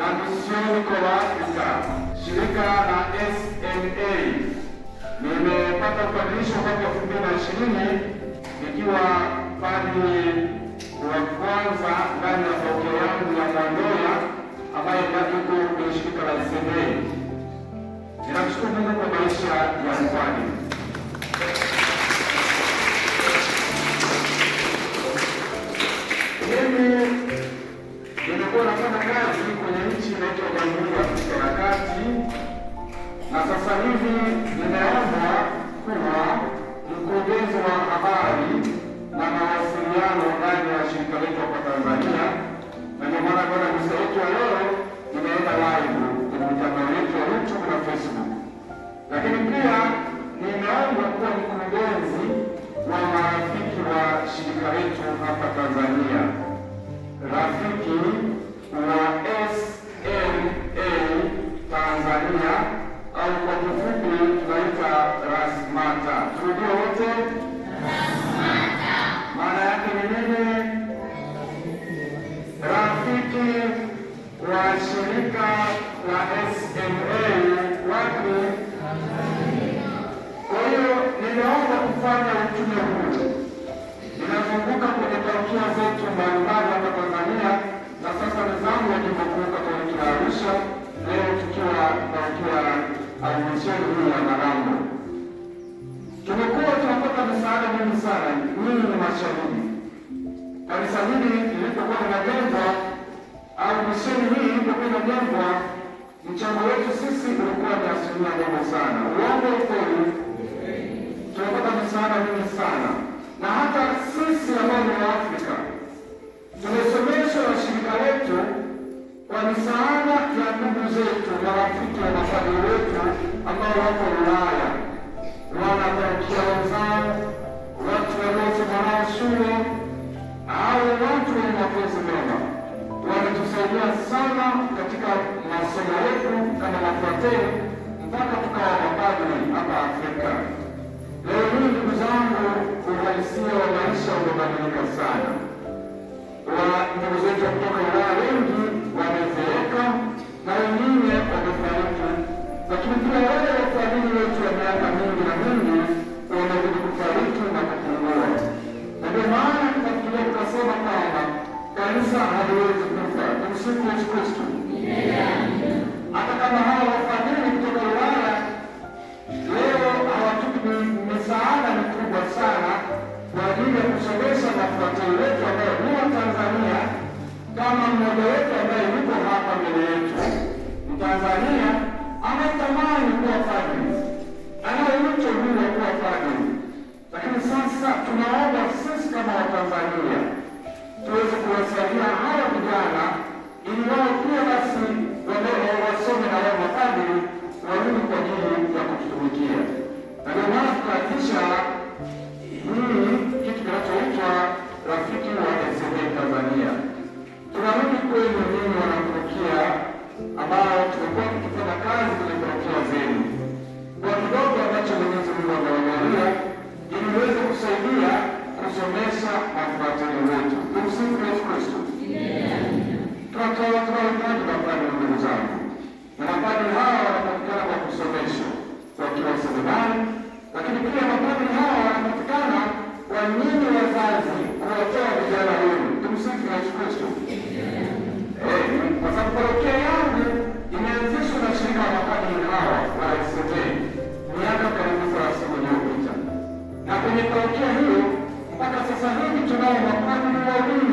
na nchi huko Afrika, shirika la sma nimepata upandilisho mwaka elfu mbili na ishirini nikiwa padri wa kwanza ndani ya parokia yangu ya Mwandoya ambaye iko kwenye shirika la SNA. Ninamshukuru Mungu kwa maisha ya mpadri. sasa hivi inaweza kuwa mkurugenzi wa habari na mawasiliano ndani ya shirika letu hapa Tanzania, na ndio maana kwa misa yetu ya leo inaenda live kwenye mitandao yetu ya YouTube na Facebook, lakini pia ninaomba kuwa mkurugenzi wa marafiki wa shirika letu hapa Tanzania rafiki Kanisa hili lilipokuwa linajengwa au misheni hii ilipokuwa inajengwa, mchango wetu sisi ulikuwa ni asilimia ndogo sana. Uongo ukweli, tunapata misaada mingi sana, na hata sisi ambao ni Waafrika tumesomeshwa washirika wetu kwa misaada ya ndugu zetu, wafiki wa mafadhili wetu ambao wako Ulaya. yetu kama wafuateni mpaka tukawa mapadri hapa Afrika. Leo hii ndugu zangu, uhalisia wa maisha umebadilika sana. Ndugu zetu kutoka Ulaya wengi wamezeeka na wengine wamefariki, lakini pia wale wafadhili wetu wa miaka mingi na mingi wamezidi kufariki na kupungua, na ndio maana tukafikiria tukasema kwamba kanisa haliwezi kufa. Tumsifu Yesu Kristo. mmoja wetu ambaye yuko hapa mbele yetu Mtanzania anatamani kuwa padri, anaye wito huu wa kuwa padri, lakini sasa tunaomba sisi kama Watanzania tuweze kuwasaidia hawa vijana ili wao pia basi wasome na wao mapadri walimu kwa ajili ya kututumikia, na ndio maana tukaanzisha Imetokea hiyo mpaka sasa hivi tunao makundi mawili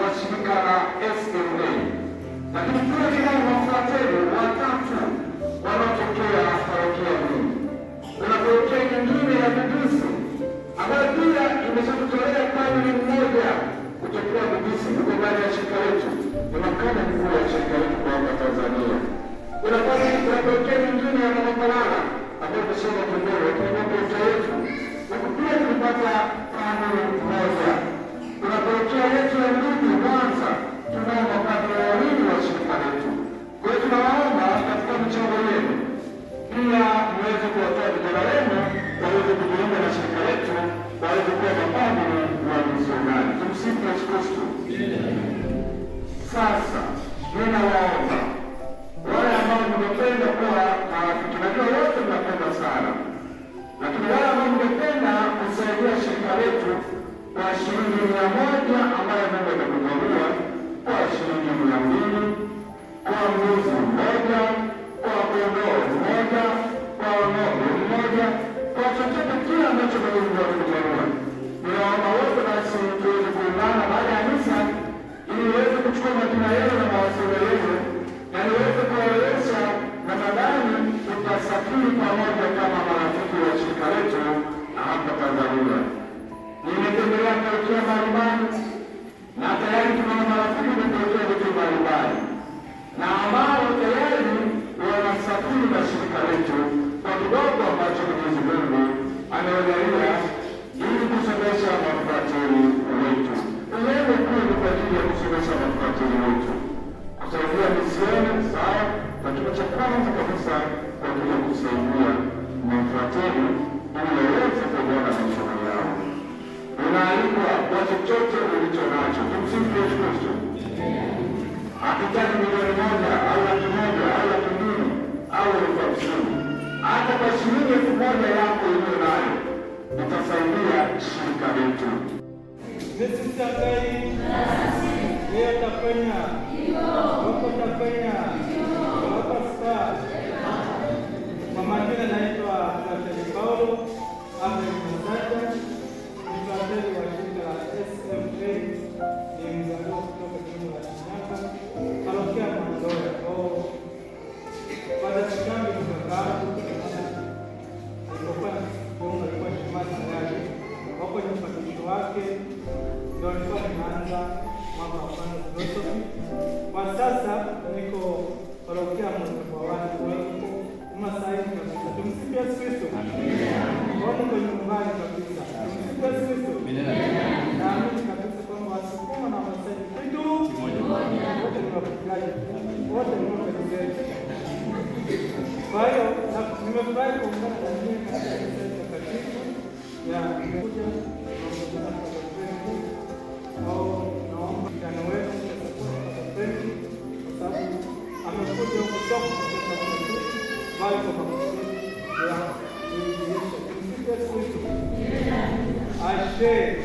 washirika na SMA lakini wetu kwa shilingi mia moja ambayo Mungu atakujalia kwa shilingi mia mbili kwa mbuzi mmoja kwa kondoo mmoja kwa ng'ombe mmoja kwa chochote kile ambacho Mungu atakujalia. Ninaomba wote basi tuweze kuungana baada ya misa ili iweze kuchukua majina yenu na mawasilo yenu na niweze kuwaelesha na tutasafiri pamoja kama marafiki wa shirika letu hapa Tanzania kutuwekea mbalimbali, na tayari tuna marafiki kutuwekea vitu mbalimbali, na ambao tayari wanasafiri na shirika letu kwa kidogo ambacho Mwenyezi Mungu amewajalia ili kusomesha wafuatili wetu. Lengo kuu ni kwa ajili ya kusomesha wafuatili wetu, kusaidia misioni sawa, na kitu cha kwanza kabisa kwa chochote ulicho nacho. Tumsifu Yesu Kristo. Hatutaki milioni moja au laki moja au laki mbili au elfu hamsini. Hata kwa shilingi elfu moja yako iliyo nayo utasaidia shirika letu. Kwa majina naitwa Paulo Amen mfadhili wa shirika la SMA ni mzaliwa kutoka jimbo la Kenyatta. Kwa hiyo nimefurahi kuungana na nyinyi katika sehemu takatifu ya kuja au naomba kijana wetu aapeni kwa sababu amekuja kutoka katika Kristo bali kwa Kristo ya Kristo. Ashe.